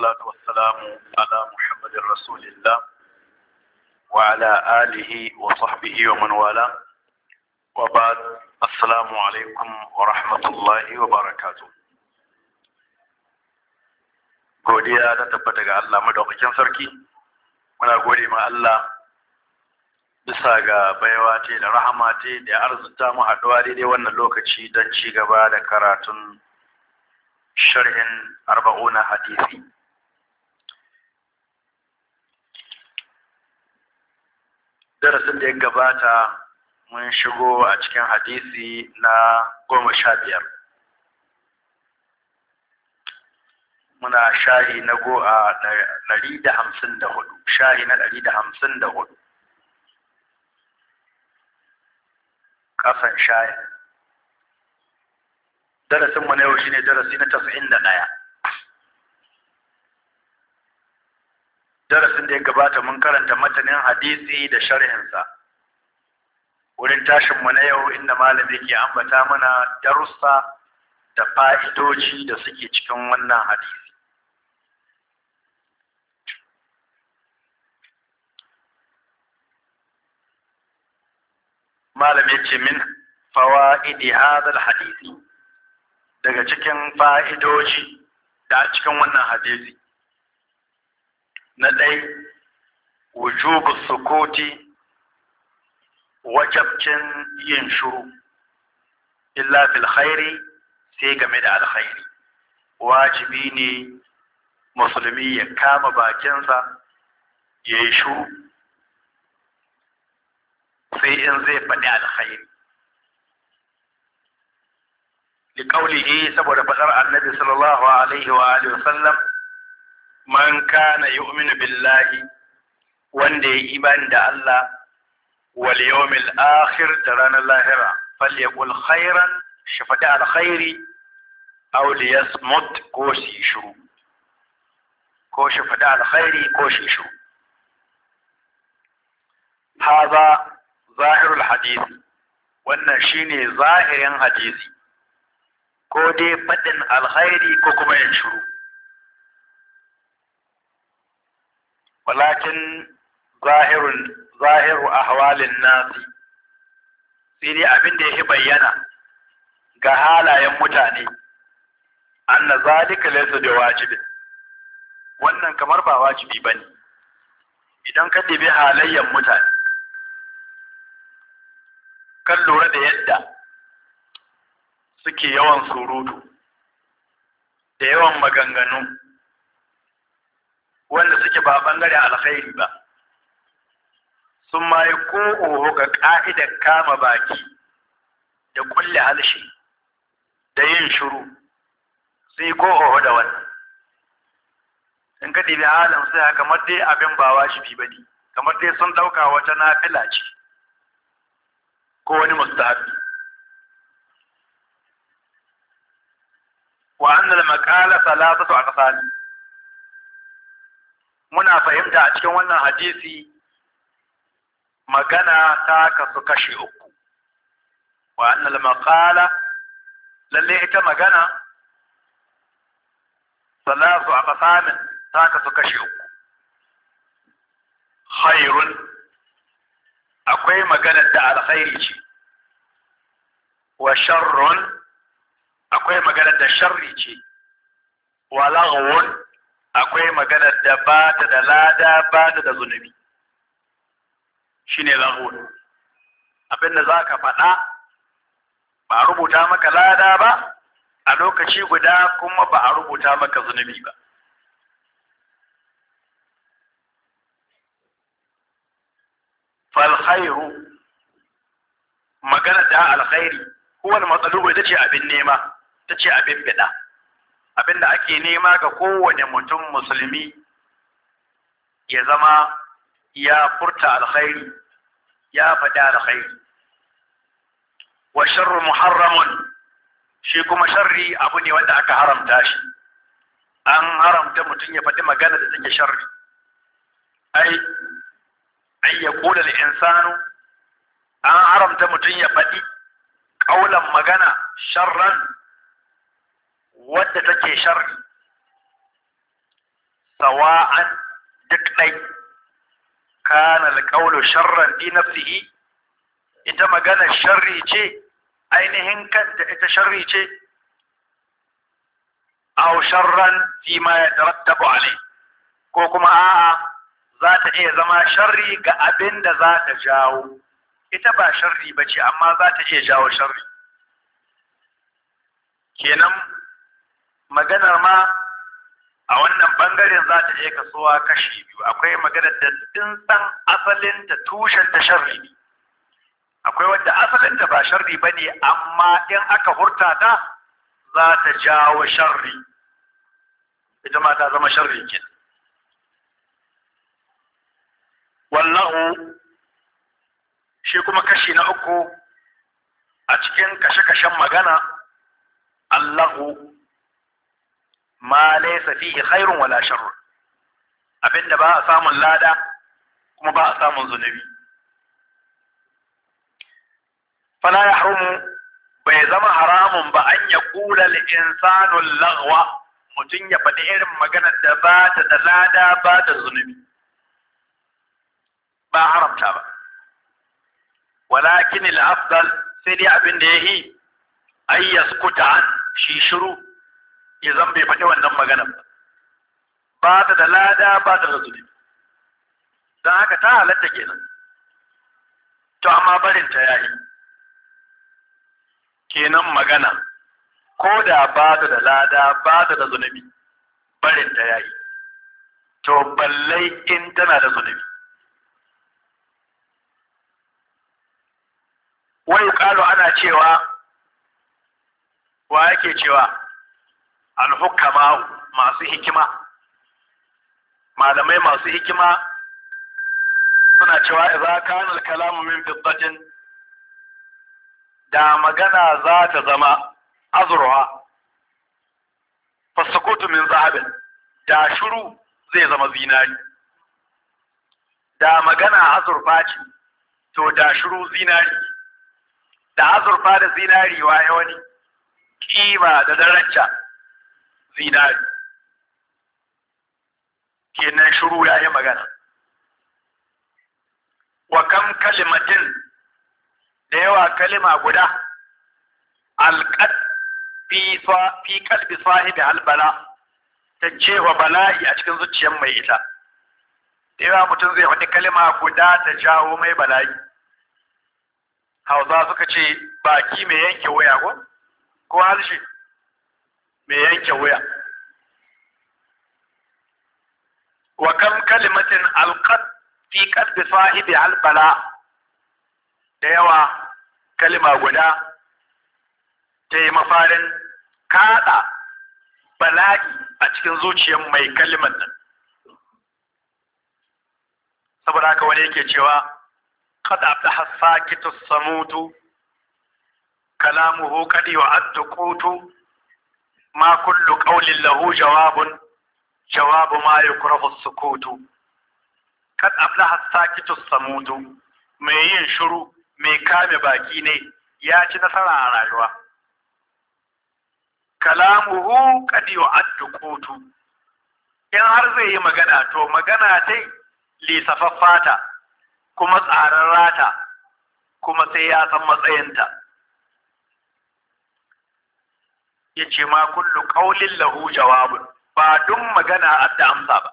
والصلاة والسلام ala محمد رسول الله wa آله وصحبه ومن والاه وبعد alaikum wa rahmatullahi wa وبركاته godiya ta tabbata ga Allah madaukakin sarki muna gode ma Allah bisa ga baiwa da rahama da da arzuta mu haduwa daidai wannan lokaci don ci gaba da karatun sharhin arba'una hadisi darasin da ya gabata mun shigo a cikin hadisi na goma sha biyar muna shahi na go a ɗari da hamsin da hudu shahi na ɗari da hamsin da hudu ƙasan shahi darasin mu na yau shine darasi na tasa'in da ɗaya darasin da ya gabata mun karanta matanin hadisi da sharhinsa wurin tashin mu na yau inda malami ke ambata mana darussa da fa'idoji da suke cikin wannan hadisi malami ce min fawa'idi hadal hadisi daga cikin fa'idoji da cikin wannan hadisi na ɗai wujubu sukoti wajabcin yin shuru illa fil khairi sai game da alkhairi wajibi ne musulmi ya kama bakinsa ya yi shuru sai in zai faɗi alkhairi saboda faɗar فسر النبي alaihi الله عليه wa sallam. man kana yu'minu billahi wanda ya imani da Allah wal yawmil akhir da ranar lahira falyaqul khairan shi faɗi alkhairi aw liyasmut ko shi shiru ko shi faɗi alkhairi ko shi shiru hadha zahirul hadisi wannan shine zahirin hadisi ko dai faɗin alkhairi ko kuma yin shiru Balakin zahiru a nasi sai dai abin da yake bayyana ga halayen mutane anna zalika laysa da wajibi wannan kamar ba wajibi bane idan ka dibi halayyan mutane kan lura da yadda suke yawan surutu da yawan maganganu wanda suke ba bangare alkhairi ba sun ma yi ko'oho ga ƙa'idar kama baki da kulle halshi da yin shuru sun yi ko'oho da wannan in ka ɗibi halin sai kamar dai abin ba wajibi ba kamar dai sun ɗauka wata nafila ce ko wani mustahabi wa annal maqala salatatu aqsali muna fahimta a cikin wannan hadisi magana ta kasu kashe uku wa annal maqala lalle ita magana salatu a qasamin ta kasu kashe uku khairun akwai maganar da alkhairi ce wa sharrun akwai maganar da sharri ce wa laghwun akwai maganar da ba ta da lada ba ta da zunubi shi ne lahul abinda za ka faɗa ba a rubuta maka lada ba a lokaci guda kuma ba a rubuta maka zunubi ba falhairu maganar da alkhairi kowane matsalubu ita ce abin nema ta ce abin bida abinda ake nema ga kowane mutum musulmi ya zama ya furta alkhairi ya faɗi alkhairi wa sharru muharramun shi kuma sharri abu ne wanda aka haramta shi an haramta mutum ya faɗi magana da take sharri ai ai ya kula da insanu an haramta mutum ya faɗi ƙaulan magana sharran wadda take sharri sawa'an duk ɗai kana alƙawlu sharran fi nafsihi ita magana sharri ce ainihin kanta ita shari ce aw sharran fi ma yatarattabu alai ko kuma a'a za ta iya zama sharri ga abin da za ta jawo ita ba sharri ba ce amma za ta iya jawo shari. kenan maganar ma a wannan bangaren za ta iya kasuwa kashi biyu akwai maganar da tsintsan asalin ta tushen ta sharri ne akwai wadda asalin ta ba sharri ba ne amma in aka hurta ta za ta jawo sharri ita ma ta zama sharri ke wallahu shi kuma kashi na uku a cikin kashe-kashen magana Allahu ma laysa fihi khairun wala sharr abinda ba a samun lada kuma ba a samun zunubi fala yahrumu bai zama haramun ba an ya kula insanu lagwa mutum ya faɗi irin maganar da ba ta da lada ba da zunubi ba haramta ba walakin al-afdal sai dai abin da yahi ay shi shiru ya zan bai faɗi wannan magana ba ta da lada ba ta da zunubi don haka ta halatta kenan to amma barin ta yayi kenan magana ko da ba ta da lada ba ta da zunubi barin ta yayi to ballai in tana da zunubi wai ƙalo ana cewa wa yake cewa alhukama masu hikima malamai masu hikima suna cewa idza kana al-kalamu min fiddatin da magana za ta zama azurwa fasukutu min zahabin da shuru zai zama zinari da magana azurfa ce to da shuru zinari da azurfa da zinari waye wani kima da daraja zinari kenan shiru ya yi magana wa kam kalimatin da yawa kalima guda alƙad fi kalbi sahibi halbala ta ce wa bala'i a cikin zuciyar mai ita da yawa mutum zai wani kalima guda ta jawo mai bala'i hausa suka ce baki mai yanke waya ko ko harshe mai yanke wuya wa kam kalimatin alqat fi qalbi sahibi albala da yawa kalima guda ta yi mafarin kaɗa bala'i a cikin zuciyar mai kalimar nan saboda haka wani yake cewa kada abdaha sakitu samutu hu, kadi wa adduqutu ma kullu ƙaunin lahu jawabun jawabu ma yukrahu as-sukutu kad aflaha as samudu mai yin shiru mai kame baki ne ya ci nasara a rayuwa kalamuhu qad addu qutu in har zai yi magana to magana dai lisafaffata kuma tsararrata kuma sai ya san matsayinta Ya ce ma kullu qaulin lahu jawabun ba duk magana adda amsa ba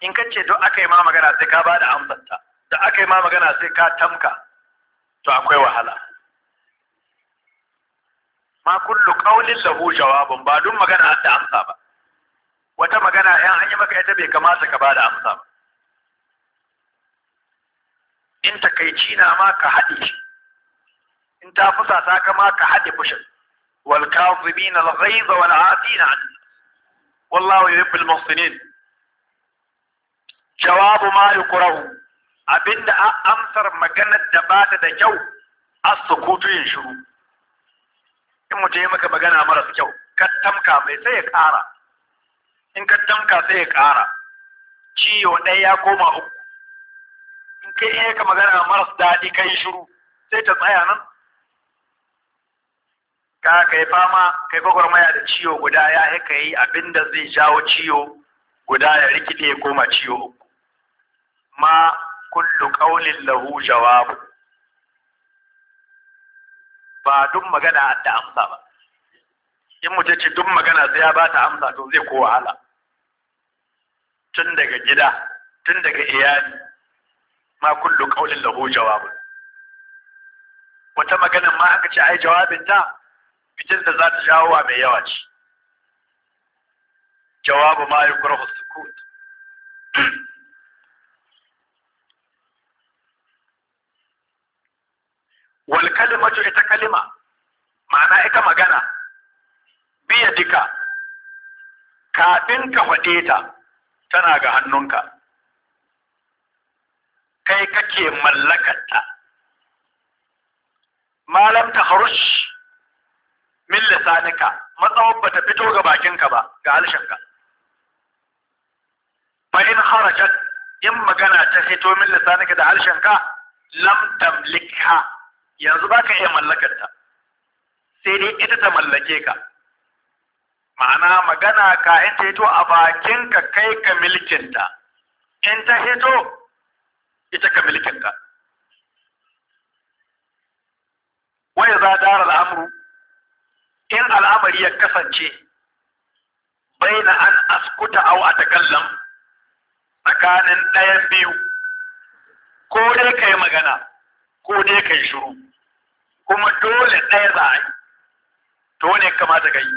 in ka ce duk aka yi ma magana sai ka bada amsarta da aka yi ma magana sai ka tamka to akwai wahala ma kullu qaulin lahu jawabun ba duk magana adda amsa ba wata magana yan an yi maka ita bai kamata ka bada amsa ba in takaici na ma ka haɗe shi in ta fusa, ka ma ka haɗe fushin والكاظمين الغيظ والعافين عنه والله يحب المحسنين جواب ما يقره ابن امثر مجنة دبات دا جو السكوت ينشرو ان متيمك مجنة مرس جو كتمكا بيسيك آرا ان كتمكا سيك آرا شي ونيا كوما ان كيئك مجنة مرس دادي كي شرو سيتا ضيانا ka kai fama kai gwagwarmaya da ciwo guda ya haka yi abinda zai jawo ciwo guda ya rikide ya koma ciwo ma kullu ƙaunin lahu jawabu. ba duk magana da amsa ba in mu ce duk magana sai ya bata amsa to zai ko wahala tun daga gida tun daga iyali ma kullu ƙaunin lahu jawabu. wata magana ma aka ce ai jawabin ta fitar da za ta jawo wa mai yawa ce jawabu ma yukrahu sukut wal kalimatu ita kalima ma'ana ita magana biya dika kafin ka faɗe ta tana ga hannunka kai kake mallakarta malam ta harush min lisanika matsawar bata fito ga bakinka ba ga halshenka fa in harajat in magana ta fito min lisanika da halshenka lam tamlikha yanzu baka iya mallakar ta sai dai ita ta mallake ka ma'ana magana ka in ta hito a bakinka kai ka ta in ta hito ita ka ka wai za dara al'amru in al'amari ya kasance bai na an askuta au a takallam tsakanin ɗayan biyu ko dai ka yi magana ko dai ka yi shiru kuma dole ɗaya za a yi to ne kamata ka yi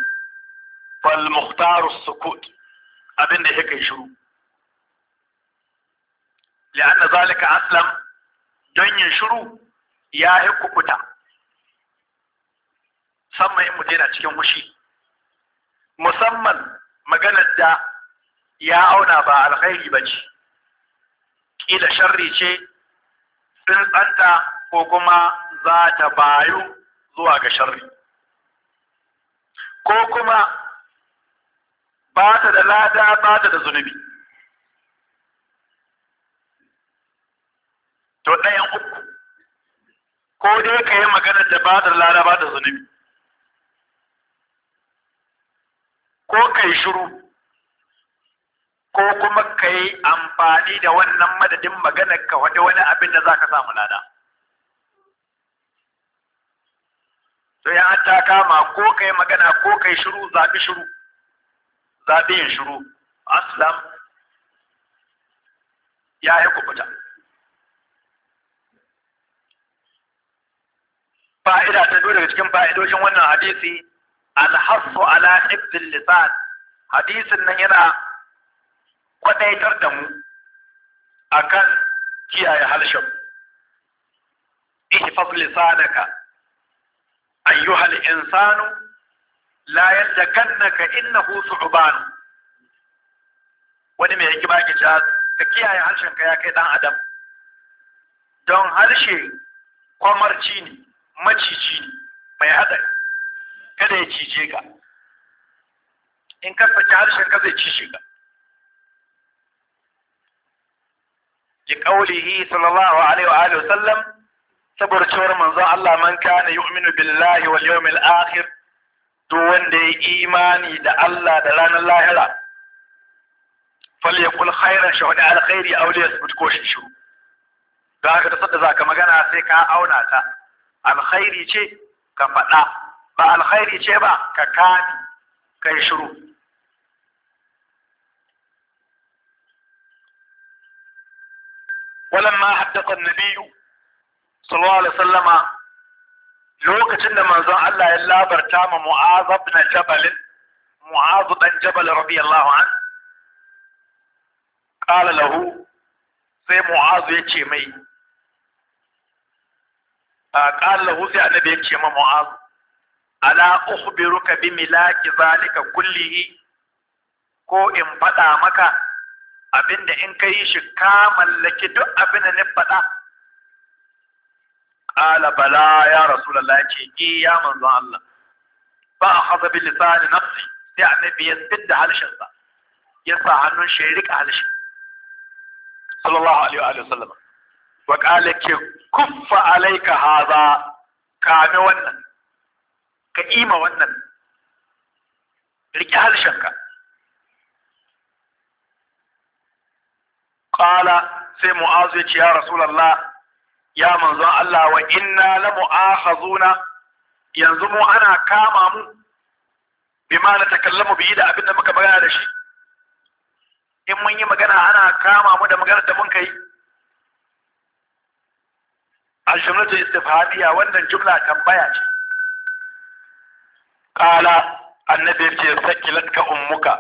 fal muhtaru sukut abin da ya kai shiru li'anna zalika aslam don yin shiru ya yi kukuta musamman in mutum yana cikin fushi musamman maganar da ya auna ba alkhairi ba ce ƙila sharri ce tsantsanta ko kuma za ta bayu zuwa ga sharri ko kuma ba ta da lada ba ta da zunubi to ɗayan uku ko dai ka yi maganar da ba ta da lada ba ta zunubi ko kai shiru ko kuma ka yi amfani da wannan madadin maganar ka wadda wani abin da za ka samu lada. To ya ta kama ko ka yi magana ko ka yi shiru zaɓi shiru, zaɓi yin shiru, aslam ya yi kubuta. Fa'ida ta daga cikin fa’idoshin wannan hadisi alhassu ala ibdil lisan hadisin nan yana kwadaitar da mu akan kiyaye halshen ihfaz lisanaka ayyuha al-insanu la yadakannaka innahu su'ban wani mai hikima ke cewa ka kiyaye harshen ka ya kai dan adam don harshe kwamarci ne macici ne mai haɗari kada ya cije ka in ka saki harshen ka zai cije ka ji kaulihi sallallahu alaihi wa alihi wasallam saboda cewar manzon Allah man kana yu'minu billahi wal yawmil akhir to wanda ya imani da Allah da ranar lahira falyakul khairan shahada alkhairi aw liyasbut ko shi shiru da haka da sadda zaka magana sai ka auna ta alkhairi ce ka faɗa ba alkhairi ce ba ka kani kai shiru ولما حدث النبي صلى sallallahu alaihi وسلم lokacin da manzon Allah ya labarta ma Mu'az ibn Jabal Mu'az ibn Jabal radiyallahu an qala lahu sai Mu'az ya ce mai a qala lahu sai annabi ya ce ma Mu'az ala ukhbiruka bi milaki zalika kullihi ko in faɗa maka abinda in ka yi shi ka mallaki duk abin da ni faɗa qala bala ya rasulullah ce ki ya manzon Allah fa akhadha bi lisani nafsi sai annabi ya tsinda halshin sa ya sa hannun shi ya rika halshin sallallahu alaihi wa sallam wa qala ke kuffa alayka hadha kame wannan ka ima wannan riƙe harshenka ƙala sai mu'azu ya ce ya rasulallah ya manzon Allah wa inna la mu'akhazuna yanzu mu ana kama mu bima na takallamu bihi da abin da muka magana da shi in mun yi magana ana kama mu da maganar da mun kai al-jumlatu istifhamiya wannan jumla tambaya ce Kala, annabi ce sakilat ka ummuka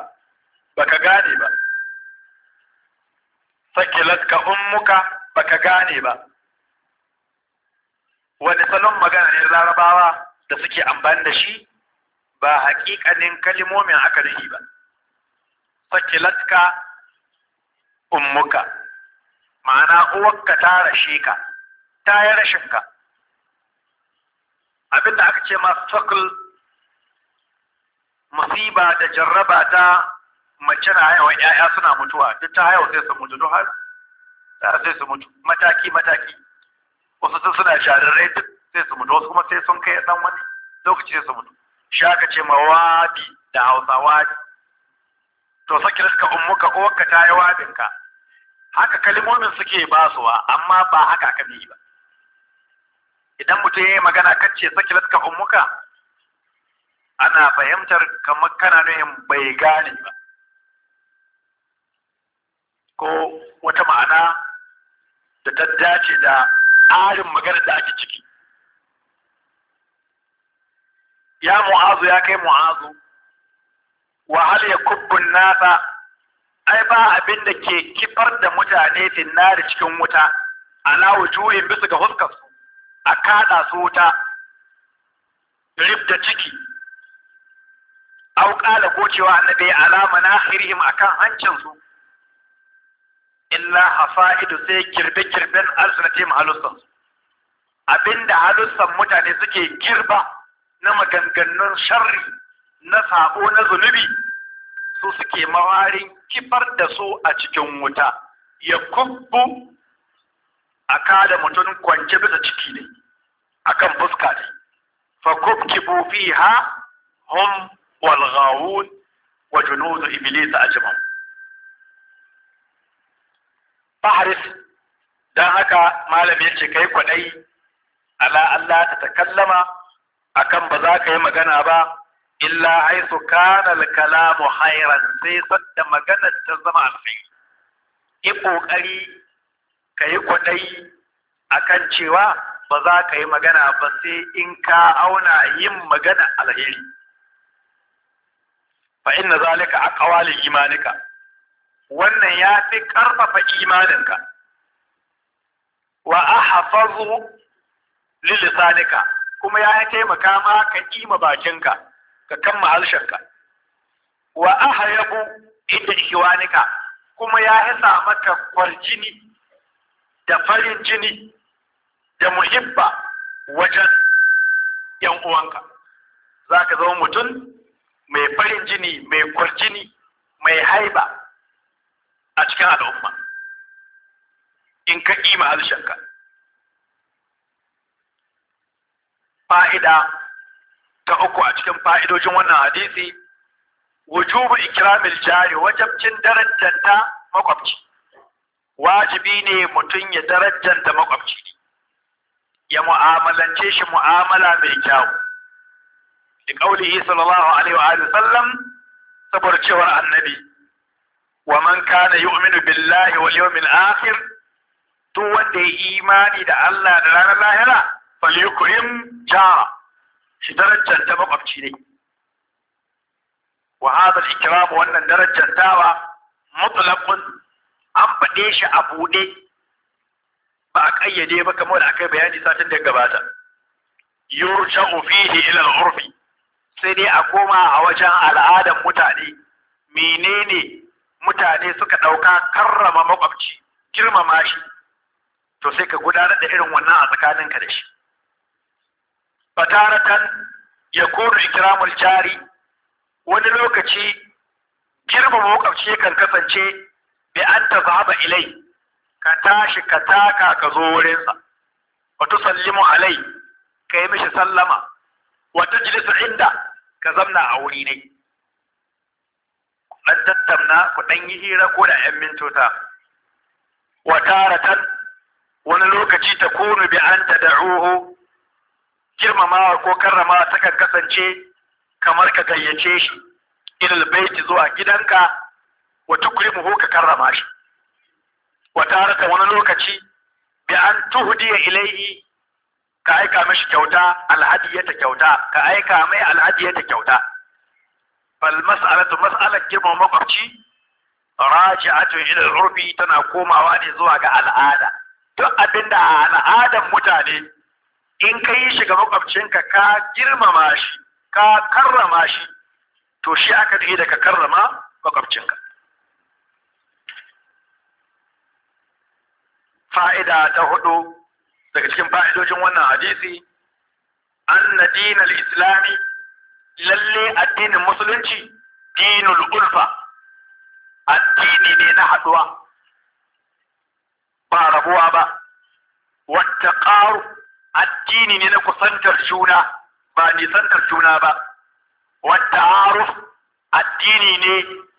baka gane ba sakilat ka ummuka baka gane ba wani salon magana ne larabawa da suke amfani da shi ba haƙiƙanin kalimomin aka nufi ba sakilat ka ummuka ma'ana uwarka ta rashe ka ta yi rashinka abinda aka ce ma sakil musiba da jarraba ta mace na haihuwa ƴaƴa suna mutuwa duk ta haihuwa sai su mutu duk har sai su mutu mataki mataki wasu sun suna jarirai duk sai su mutu wasu kuma sai sun kai dan wani lokaci sai su mutu shi aka ce ma wabi da hausa wabi to saki ka ummuka uwarka ta yi wabinka haka kalmomin suke basuwa amma ba haka aka yi ba idan mutum ya yi magana kacce saki ka ummuka ana fahimtar kamar kana nuhin bai gane ba ko wata ma'ana da ta dace da tsarin maganar da ake ciki ya mu'azu ya kai mu'azu wa hal ya kubbun nasa ai ba abin da ke kifar da mutane da cikin wuta ala wujuhin bisa ga huskarsu a kaɗa su wuta rib da ciki au qala ko cewa annabi ya alama akhirihim akan hancin su illa hafa'idu sai kirbe kirben alsunatim halussan abinda halussan mutane suke girba na maganganun sharri na sabo na zunubi su suke mawarin kifar da su a cikin wuta ya kubbu a kada mutum kwance bisa ciki ne akan fuska ne fa kubkibu fiha hum والغاوون وجنود إبليس أجمعون فاحرص dan haka malam ya ce kai kwadai ala Allah ta kallama akan ba za ka yi magana ba illa haisu kana kalamu hairan sai sadda magana ta zama alkhairi yi kokari ka yi kwadai akan cewa ba za ka yi magana ba sai in ka auna yin magana alheri fa inna zalika aqwa li imanika wannan ya fi karfafa imaninka wa ahfazu li lisanika kuma ya taimaka ma ka kima bakinka ka kamma harshenka wa ahyabu inda ihwanika kuma ya hisa maka kwarjini da farin jini da muhibba wajen yan uwanka za ka zama mutum mai farin jini mai kurjini mai haiba a cikin al'umma in ka kima harshenka fa'ida ta uku a cikin fa'idojin wannan hadisi wujubu ikramil jari wajabcin darajanta makwabci wajibi ne mutum ya darajanta makwabci ya mu'amalance shi mu'amala mai kyau. bi qaulihi sallallahu alaihi wa alihi sallam saboda cewar annabi wa man kana yu'minu billahi wal yawmil akhir duk wanda ya imani da Allah da ranar lahira falyukrim jara shi darajar ta makwabci ne Wahalar hadha ikram wannan darajar tawa mutlaqun an faɗe shi a buɗe ba a ƙayyade ba kamar da aka yi bayani satin da gabata yurja'u fihi ila al-urfi sai dai a koma a wajen al'adar mutane menene mutane suka ɗauka karrama makwabci girmama shi to sai ka gudanar da irin wannan a tsakaninka da shi fataratan ya kono ikiramul jari wani lokaci girmama makwabci kan kasance bi an ta zaba ilai ka tashi ka taka ka zo wurinsa wa tusallimu alai ka yi mishi sallama wa tajlisu inda ka zamna a wuri ne ɗan tattamna ku ɗan yi hira ko da yan mintota wa taratan wani lokaci ta kunu bi an girmama girmamawa ko karramawa kan kasance kamar ka gayyace shi ilal baiti zuwa gidanka wa tukrimuhu ka karrama shi wa taratan wani lokaci bi an tuhdiya ilaihi. ka aika mishi kyauta alhadiyata kyauta ka aika mai alhadiyata kyauta fal mas'alatu mas'alat girma makwabci raji'atu ila urbi tana komawa ne zuwa ga al'ada duk abinda a al'adan mutane in ka yi shi ga makwabcinka ka girmama shi ka karrama shi to shi aka dage da ka karrama makwabcinka fa'ida ta hudu daga cikin fa'idojin wannan hadisi na dinar islami lalle addinin musulunci dinul ulfa addini ne na haduwa ba rabuwa ba wata ƙaru addini ne na kusantar juna ba nisantar juna ba wata aruf addini ne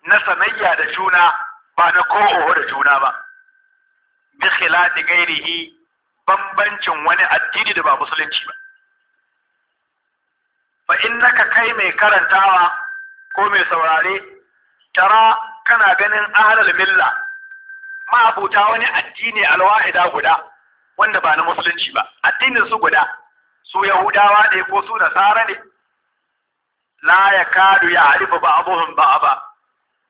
na sanayya da juna ba na ko'oho da juna ba bi khilafi gairihi bambancin wani addini da ba musulunci ba fa innaka kai mai karantawa ko mai saurare tara kana ganin ahlal milla ma'abuta wani addini alwahida guda wanda ba na musulunci ba addinin su guda su yahudawa ne ko su nasara ne la ya kadu ya ba ba ba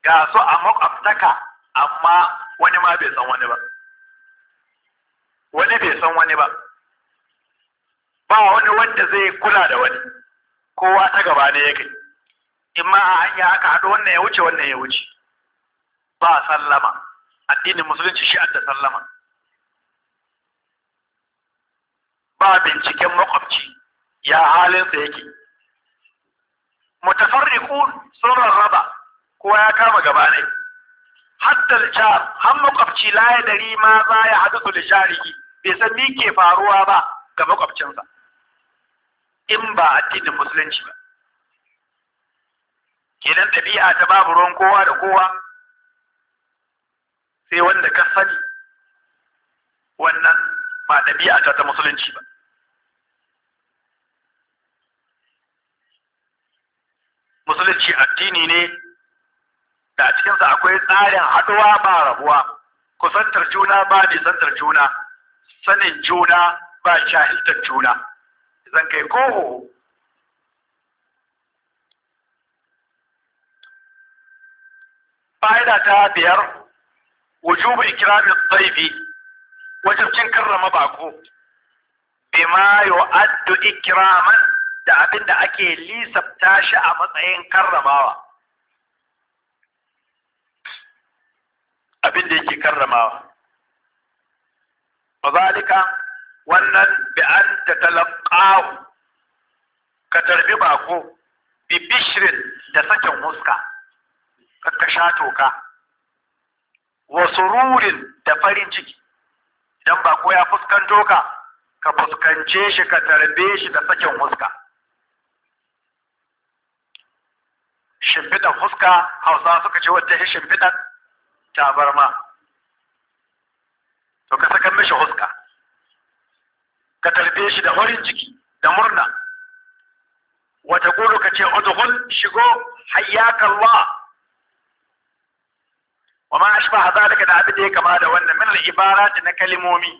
ga su a makwabtaka amma wani ma bai san wani ba wani bai san wani ba ba wani wanda zai kula da wani kowa ta gaba ne yake in ma a hanya aka haɗu wannan ya wuce wannan ya wuce ba sallama addinin musulunci shi da sallama ba binciken makwabci ya halin sa yake mutafarriqun sun rarraba kowa ya kama gaba ne hatta al har makwabci la ya dari ma za ya hadu da jariki bai san mi ke faruwa ba ga makwabcinsa in ba addinin musulunci ba kenan ɗabi'a ta babu ruwan kowa da kowa sai wanda ka sani wannan ba ɗabi'a ta ta musulunci ba musulunci addini ne da a cikinsa akwai tsarin haɗuwa ba rabuwa kusantar juna ba nisantar juna sanin juna ba jahiltar juna zan kai koho fa'ida ta biyar وجوب إكرام الطيب وجب تنكر مباكو بما يؤد إكراما دعبن دعكي لي سبتاشا مطعين كرما أبن دعكي كرما Mazalika, wannan bi an tatalaqahu ka tarbi bako bi bishrin da sakin huska ka sha toka wa sururin da farin ciki idan bako ya fuskanto ka ka fuskance shi ka tarbe shi da sakin huska shimfiɗan huska hausa suka ce wata shi shimfiɗan tabarma to ka saka mishi huska ka tarbe shi da farin ciki da murna wata gudu ka ce udkhul shigo hayyaka Allah wa ma haza daga da abin da ya kama da wannan min al-ibarat na kalimomi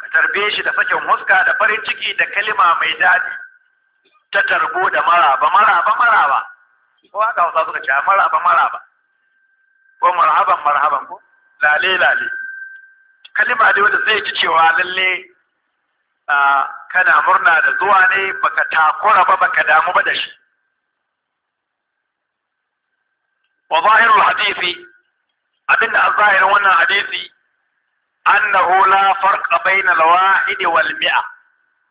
ka tarbe shi da sakin huska da farin ciki da kalima mai daɗi ta tarbo da maraba maraba maraba ko haka wasa suka ce maraba maraba ko marhaban marhaban ko lale lale kalima dai wanda zai ji cewa lalle kana murna da zuwa ne baka takura ba baka damu ba da shi wa zahirul hadisi abinda a zahirin wannan hadisi annahu la farqa baina al-wahid wal mi'a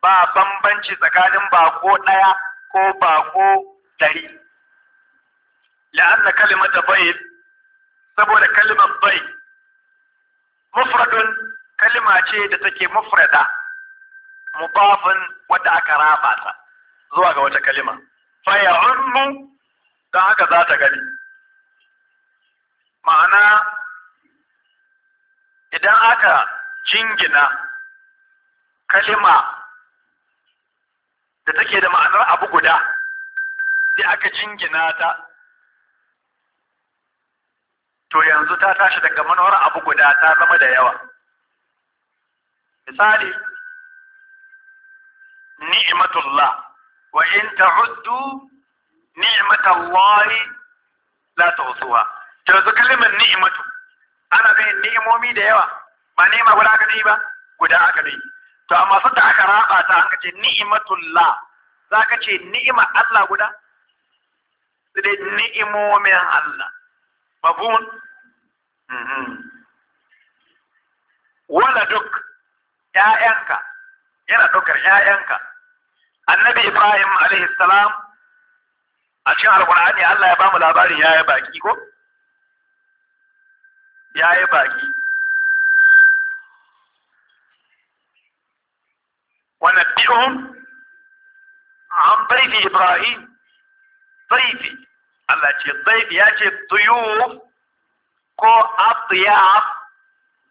ba bambanci tsakanin bako daya ko bako dari la'anna kalimata bayt saboda kalimar bayt mufradun kalima ce da take mufrada mudafin wadda aka raba ta zuwa ga wata kalima fa ya'ummu dan haka za ta gani ma'ana idan aka jingina kalima da take da ma'anar abu guda sai aka jingina ta to yanzu ta tashi daga manuwar abu guda ta zama da yawa misali ni'matullah wa in ta ta'uddu ni'matallahi la tuhsuha to yanzu kalmar ni'matu ana ga ni'imomi da yawa ba nema guda aka ba guda aka ne. to amma sun da aka raba ta aka ce ni'matullah ka ce ni'ima Allah guda sai ni'imomin Allah مفهوم ولا دك يا أنكا يا دكر يا أنكا النبي ابراهيم عليه السلام عشان ربنا عادي الله يبام الابار يا يباكي يقول يا يباكي ونبئهم عن ضيف ابراهيم ضيفي Allah ce zaif ya ce tuyuf ko atiyaf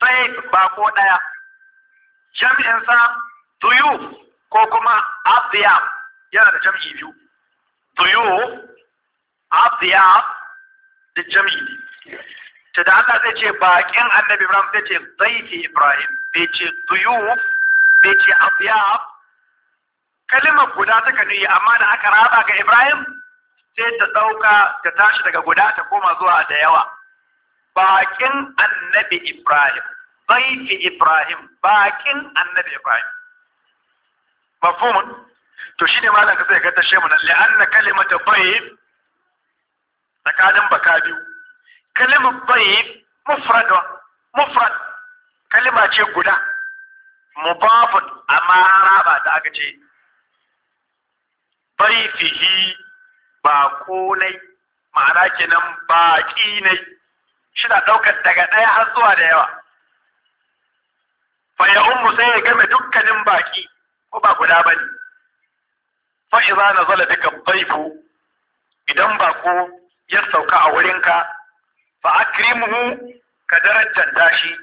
zaif ba ko ɗaya jam'insa tuyuf ko kuma atiyaf yana da jam'i biyu tuyuf atiyaf da jam'i ta da Allah zai ce baƙin annabi Ibrahim zai ce zaifi Ibrahim bai ce tuyuf bai ce atiyaf kalimar guda suka nuyi amma da aka raba ga Ibrahim sai ta ɗauka ta tashi daga guda ta koma zuwa da yawa bakin annabi ibrahim baiti ibrahim bakin annabi ibrahim mafhumun to shi ne malaka sai ga tashe mu nan kalima ta bayt tsakanin baka biyu Kalima bayt mufrad mufrad kalima ce guda mudafun amma raba ta aka ce baytihi ba konai ma'ana kenan baƙi ne shina ɗaukar daga ɗaya har zuwa da yawa fa ya ummu sai ya game dukkanin baƙi ko ba guda bane fa idza nazala bika dhaifu idan bako ya sauka a wurinka fa akrimuhu ka darajanta shi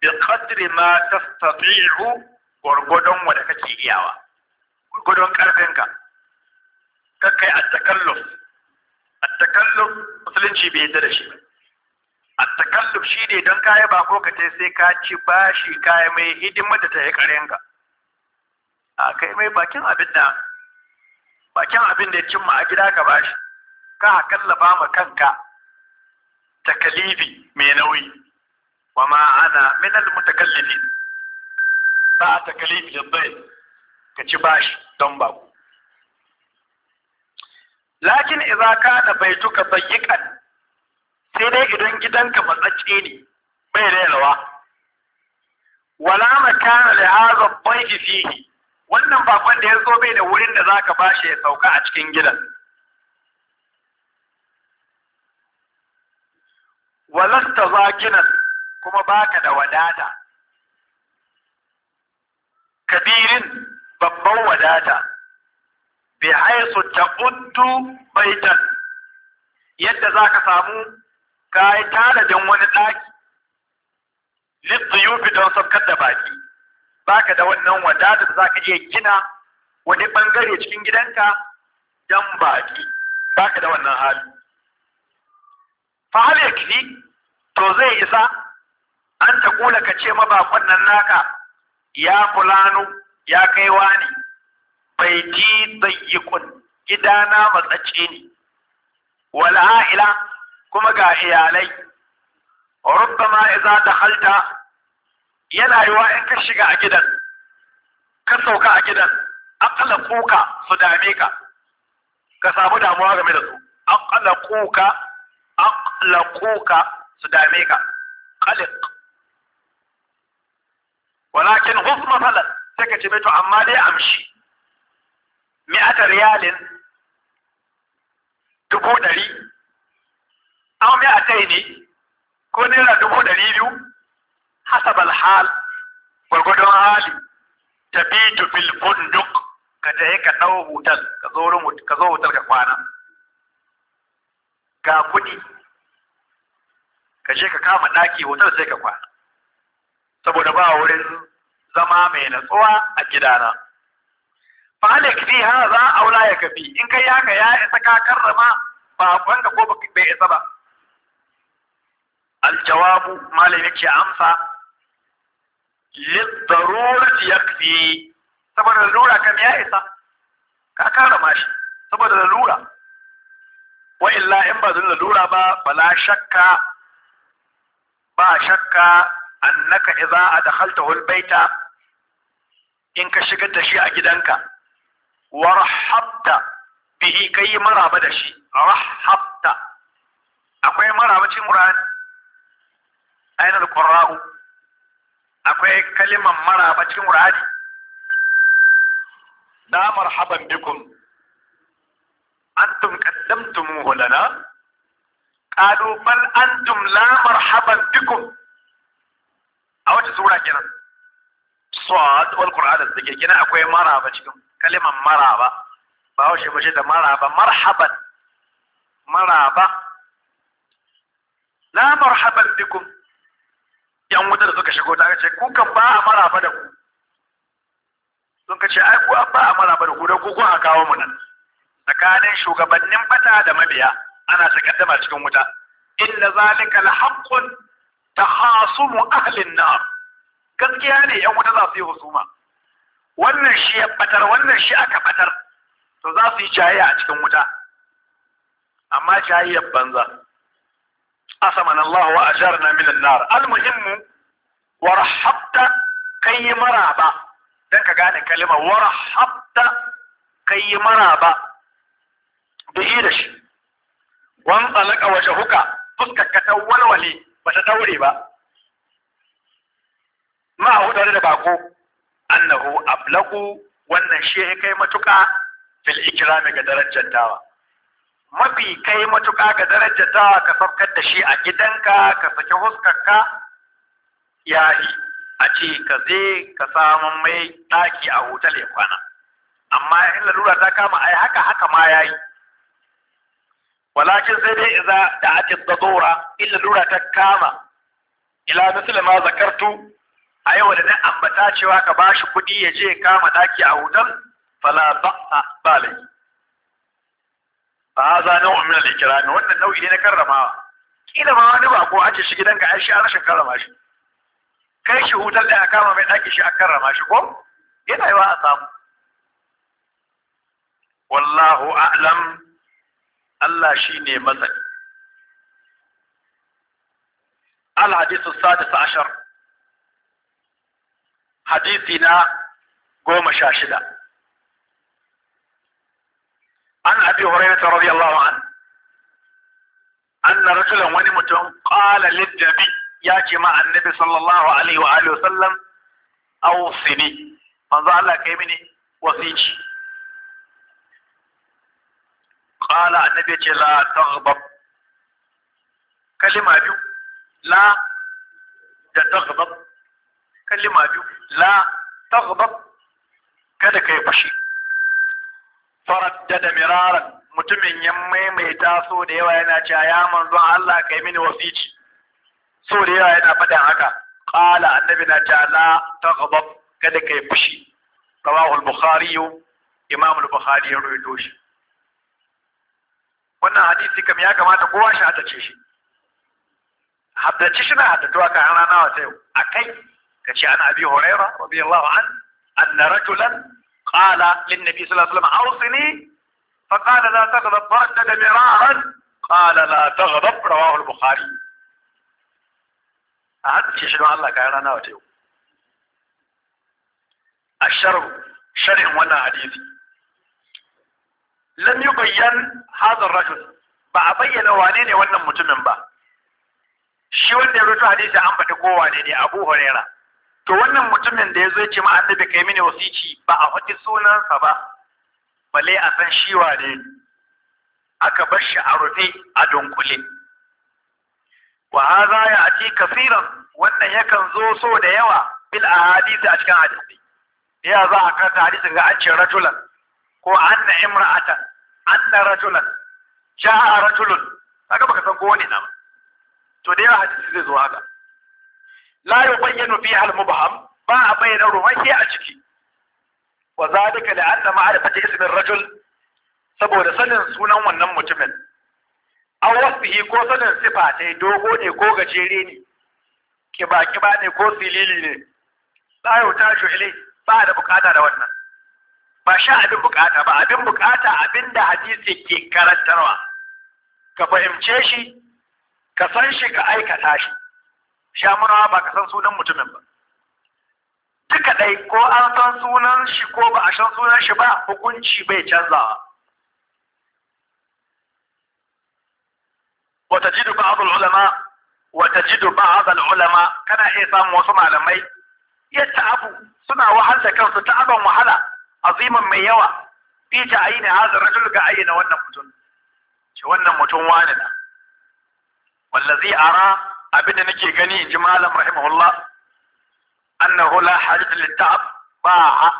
bi qadri ma tastati'u gwargwadon wanda kake iyawa gwargwadon kakkai a takalluf a takalluf musulunci bai yadda da shi ba a takalluf shi ne don kaya ba ko ka ce sai ka ci bashi kaya mai hidimar da ta yi ka a kai mai bakin abin da bakin abin da ya cimma a gida ka bashi ka ba ma kanka takalifi mai nauyi wa ma ana min al mutakallifi ba a takalifi da bai ka ci bashi don baku lakin idza kana baituka dayyiqan sai dai idan gidanka matsacce ne bai da yawa. wala makana li hadha dhayfi fihi wannan bakon da ya zo bai da wurin da zaka bashi ya sauka a cikin gidan walasta zakinan kuma baka da wadata kabirin babban wadata bi haisu ta'uddu baitan yadda zaka samu ka yi tanadin wani ɗaki litsiyufi don saukar da baki baka da wannan wadatar za ka iya gina wani ɓangare cikin gidanka don baki baka da wannan hali fa hal yakfi to zai isa an ta kula ka ce mabakon nan naka ya fulano ya kai wani baiti dayyikun gidana matsace ne wal aila kuma ga iyalai Rubba rubbama idza halta. yana yiwa in ka shiga a gidan ka sauka a gidan akala kuka su dame ka ka samu damuwa game da su akala kuka akala kuka su dame ka qaliq walakin husma falan sai ka ce to amma dai amshi mi'ata riyalin dubu ɗari an mi'atai ne ko naira dubu ɗari biyu hasabal hal gwargwadon hali tabitu fil funduk ka je ka ɗau hotel ka zo ka zo hotel ka kwana ga kuɗi ka je ka kama ɗaki hotel sai ka kwana saboda ba wurin zama mai natsuwa a gidana falik fi haza aw la yakfi in kai haka ya isa ka karrama ba wanda ko bai isa ba jawabu malam yake amsa lidarurati yakfi saboda lalura kam ya isa ka karrama shi saboda lura. wa illa in ba zan lura ba bala shakka ba shakka annaka idza adkhaltahu albayta in ka shiga da shi a gidanka warhabta bihi kai maraba da shi rahabta akwai maraba cikin Qur'ani ayin al-qurra'u akwai kalimar maraba cikin Qur'ani da marhaban bikum antum qaddamtumuhu lana qalu bal antum la marhaban bikum a wata sura kenan sad wal qur'an da take kenan akwai maraba cikin kaliman maraba ba haushe ba da maraba marhaban maraba la marhaban bikum yan wuta da suka shigo ta ce ku kan ba a maraba da ku sun ka ce ai ku ba a maraba da ku da ku kun a kawo mu nan tsakanin shugabannin bata da mabiya ana takaddama cikin wuta inna zalika lahaqqun tahasumu ahli an-nar gaskiya ne yan wuta za su yi husuma wannan shi ya batar wannan shi aka batar to za su yi jayayya a cikin wuta amma jayayyar banza asaman Allah wa ajarna min an-nar al-muhimmu wa rahabta kai maraba dan ka gane kalmar wa kai maraba bihi da shi wan talaka wajhuka fuskar ka ta walwale bata daure ba ma hu da bako annahu ablagu wannan shi ya kai matuƙa fil ikrami ga darajar dawa mafi kai matuƙa ga darajar dawa ka saukar da shi a gidanka ka saki huskarka yi a ce ka je ka samun mai ɗaki a hotel ya kwana amma in lalura ta kama ai haka haka ma yayi walakin sai dai idza da'at ad-darura illa lura ta kama ila misli ma zakartu a yau da na ambata cewa ka ba shi kuɗi ya je kama ɗaki a hudan fala ba a balai. ba za na umar da kirami wannan nau'i ne na karramawa kila ma wani ba ko ake shi gidanka ai shi a rashin karrama shi kai shi hudan da a kama mai ɗaki shi a karrama shi ko yana wa a samu wallahu a'lam Allah shi ne al الحديث السادس عشر hadisi na goma sha shida an abi hurairah radiyallahu an anna rajulan wani mutum qala lin-nabi ya ce ma annabi sallallahu alaihi wa alihi wasallam awsini manzo Allah kai mini wasici qala annabi ce la kalima biyu la da kalima biyu la taghdab kada kai fushi faraddada miraran mutumin ya maimaita so da yawa yana cewa ya manzon Allah kai mini wasici so da yawa yana faɗin haka qala annabi na cewa la taghdab kada kai fushi rawahu al-bukhari imam al-bukhari ya rawaito shi wannan hadisi kam ya kamata kowa shi hadace shi haddace shi na haddatuwa kan rana wata yau akai كشي عن أبي هريرة رضي الله عنه أن رجلا قال للنبي صلى الله عليه وسلم أوصني فقال لا تغضب فردد مرارا قال لا تغضب رواه البخاري هذا شيء شنو الله كان أنا وتيو الشر شرع ولا حديث لم يبين هذا الرجل ba a bayyana wane ne wannan mutumin ba shi wanda ya rutu hadisi an faɗi kowa ne ne abu to wannan mutumin da ya zo ce ma annabi kai mini wasici ba a faɗi sunansa ba balle a san shiwa ne aka bar shi a rufe a dunkule wa hadha ya'ti kaseeran wannan yakan zo so da yawa bil ahadith a cikin hadisi ya za a karanta hadisin ga an ce ratulan ko anna imra'atan anna ratulan ja'a rajulun kaga baka san ko wani na to da yawa hadisi zai zo haka la yubayyanu fiha al-mubham ba a bayyana ruwan shi a ciki wa zalika la'anna ma'rifati ismin rajul saboda sanin sunan wannan mutumin aw wasfihi ko sanin sifa ta dogo ne ko gajere ne kiba kiba ne ko silili ne la yutaju ilai ba da bukata da wannan ba sha abin bukata ba abin bukata abin da hadisi ke karantarwa ka fahimce shi ka san shi ka aikata shi shamurawa ba ka san sunan mutumin ba duka ɗai ko an san sunan shi ko ba a san sunan shi ba hukunci bai canzawa ulama wata jidu ba بعض ulama kana iya samun wasu malamai yatta'abu suna wahalta kansu kansu ta'aban wahala aziman mai yawa fi ta'ayina hadha rajul ga ayyana wannan mutum ce wannan mutum wani na wallazi ara abinda nake gani in ji malam rahimahullah annahu la lil ta'ab ba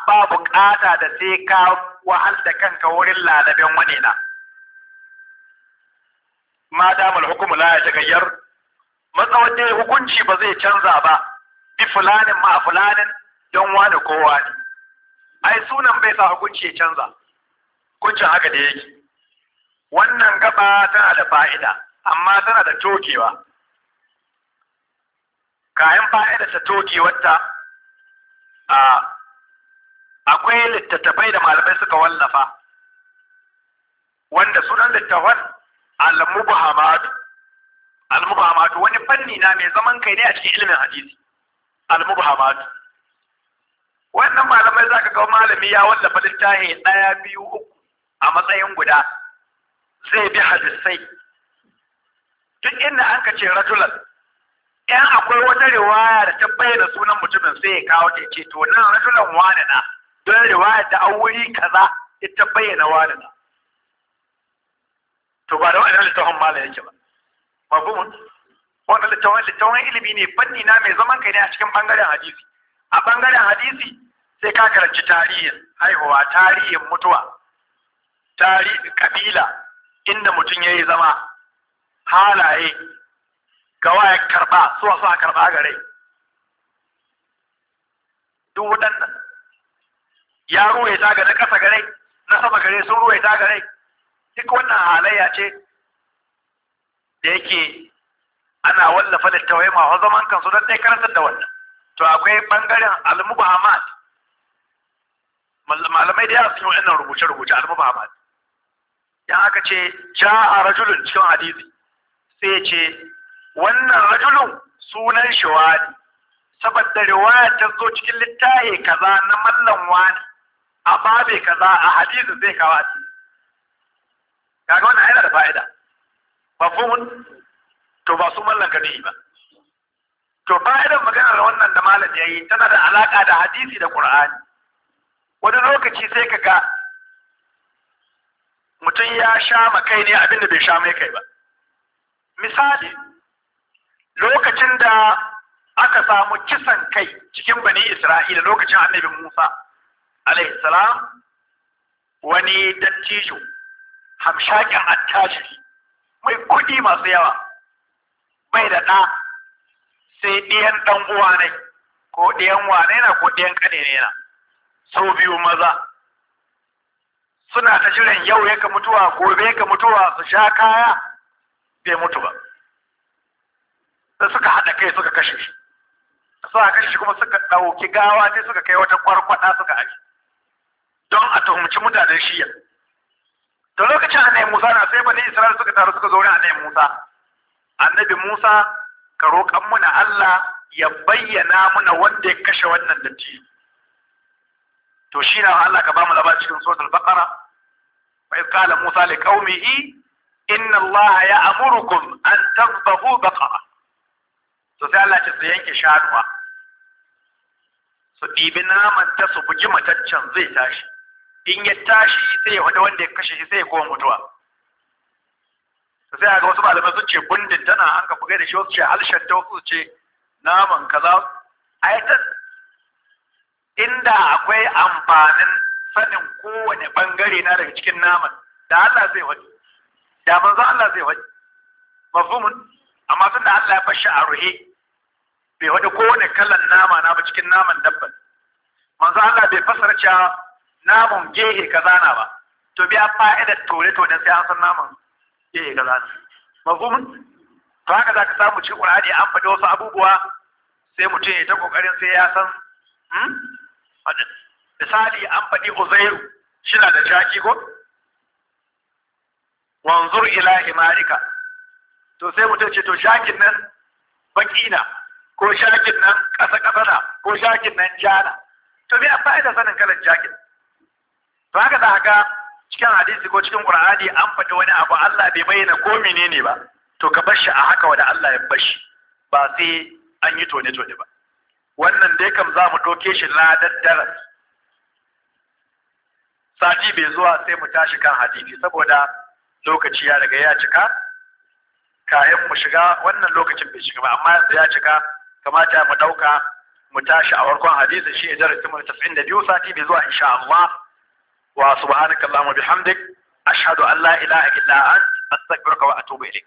ba bukata da sai ka wahal da kanka wurin lalaben wani na ma damar hukumu la ya tagayyar matsawon dai hukunci ba zai canza ba bi fulanin ma fulanin don wani ko wani ai sunan bai sa hukunci ya canza hukuncin haka da yake wannan gaba tana da fa'ida amma tana da tokewa kayan fa'ida ta toge wata akwai littattafai da malamai suka wallafa wanda sunan littafan al-mubhamatu al wani fanni na mai zaman kai ne a cikin ilimin hadisi al-mubhamatu wannan malamai zaka ga malami ya wallafa littafi ɗaya biyu uku a matsayin guda zai bi hadisai duk inda an ka ce rajulan in akwai wata riwaya da ta bayyana sunan mutumin sai ya kawo ta ce to nan rasulan wani na don riwaya ta an wuri kaza ita bayyana wani na to ba da wani littafin mala yake ba mafhumun wani littafin littafin ilimi ne fanni na mai zaman kai ne a cikin bangaren hadisi a bangaren hadisi sai ka karanci tarihin haihuwa tarihin mutuwa tarihin kabila inda mutum ya yi zama halaye gawa ya karba suwa suwa karba gare duk waɗannan ya ruwaye ta ga na ƙasa gare na sama gare sun ruwaye ta gare duk wannan halayya ce da yake ana wallafa tawaye masu zaman kansu don ɗaya karantar da wannan to akwai ɓangaren hamad malamai da ya sun yi waɗannan rubuce-rubuce hamad idan aka ce ja a rajulun cikin hadisi sai ce wannan rajulun sunan shi wani saboda riwaya ta zo cikin littafi kaza na mallan wani a babe kaza a hadisi zai kawo a kaga wannan yana da fa'ida mafhumun to ba su mallan kadi ba to fa'idan maganar wannan da malam ya yi tana da alaka da hadisi da qur'ani wani lokaci sai ka ga mutum ya sha kai ne abinda bai sha mai kai ba misali lokacin da aka samu kisan kai cikin bani Isra'ila lokacin annabi Musa alaihi salam wani dattijo hamshakin attajiri mai kuɗi masu yawa bai da ɗa sai ɗiyan ɗan uwa ne ko ɗiyan wane na ko ɗiyan ƙane ne na sau biyu maza suna ta shirin yau ya ka mutuwa gobe ka mutuwa su sha kaya bai mutu ba sai suka haɗa kai suka kashe shi suka kashe shi kuma suka ɗauki gawa ne suka kai wata kwarkwada suka aji don a tuhumci mutanen shiyan da lokacin annabi Musa na sai bani Isra'il suka taru suka zauna annabi Musa annabi Musa ka roƙan na Allah ya bayyana muna wanda ya kashe wannan datti to shi na Allah ka bamu mu labar cikin suratul baqara wa idh qala Musa li qaumihi inna Allah ya'murukum an tadhbahu baqara to sai Allah ce su yanke shanuwa su ɗibi naman ta su bugi mataccen zai tashi in ya tashi sai ya wanda ya kashe shi sai ya koma mutuwa to sai ga wasu malamai sun ce gundin tana an ka da shi wasu ce halshen ta wasu ce naman kaza ai ta inda akwai amfanin sanin kowane bangare na daga cikin naman da Allah zai wani da manzo Allah zai wani mafhumun amma tunda Allah ya fashi a ruhe bai faɗi kowane kalan nama na ba cikin naman dabban manzo Allah bai fasara cewa namun gehe kazana ba to biya fa'idar tore to dan sai an san naman gehe kazana. na mafhumun to haka za ka samu cikin Qur'ani an faɗi wasu abubuwa sai mutum ya ta ƙoƙarin sai ya san hmm misali an faɗi Uzairu shi na da jaki ko wanzur ila himarika to sai mutum ce to Jakin nan Baƙi na ko shakin nan ƙasa ƙasa na ko shakin nan ja na, to me a fa'ida sanin kalan shakin to haka da haka cikin hadisi ko cikin qur'ani an faɗi wani abu Allah bai bayyana ko menene ba to ka bar shi a haka wanda Allah ya bar shi ba sai an yi tone tone ba wannan dai kam za mu doke shi ladar daddara. sati bai zuwa sai mu tashi kan hadisi saboda lokaci ya riga ya cika kayan mu shiga wannan lokacin bai shiga ba amma yanzu ya cika kamata mu ɗauka mu tashi a farkon hadisi shi ne darasi da biyu sati bi zuwa insha Allah wa subhanakallahumma bihamdik ashhadu an la ilaha illa ant astaghfiruka wa atubu ilayk